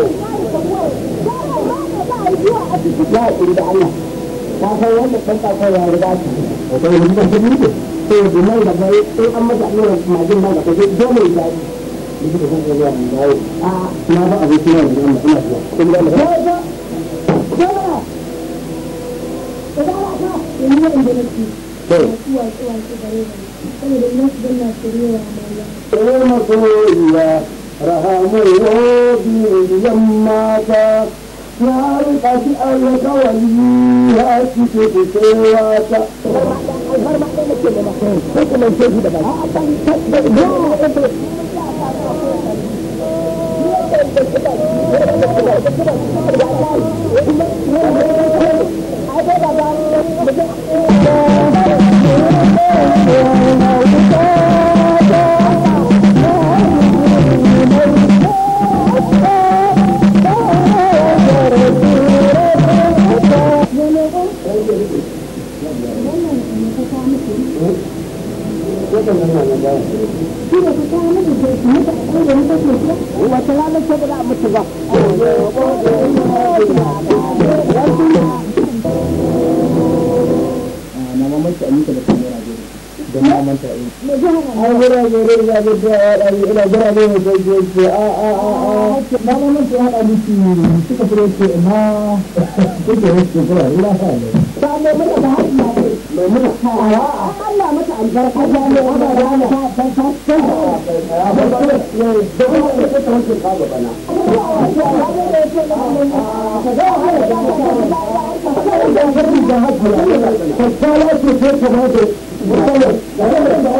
ya da da da a rahamun wabi mata ya rika shi an raka wani ya ake ce ku Thank you. mutum yana nan bayan shi da su kawo mutum ke a kan da da da da da da da mai mutu Allah mata albarka ya ne wa da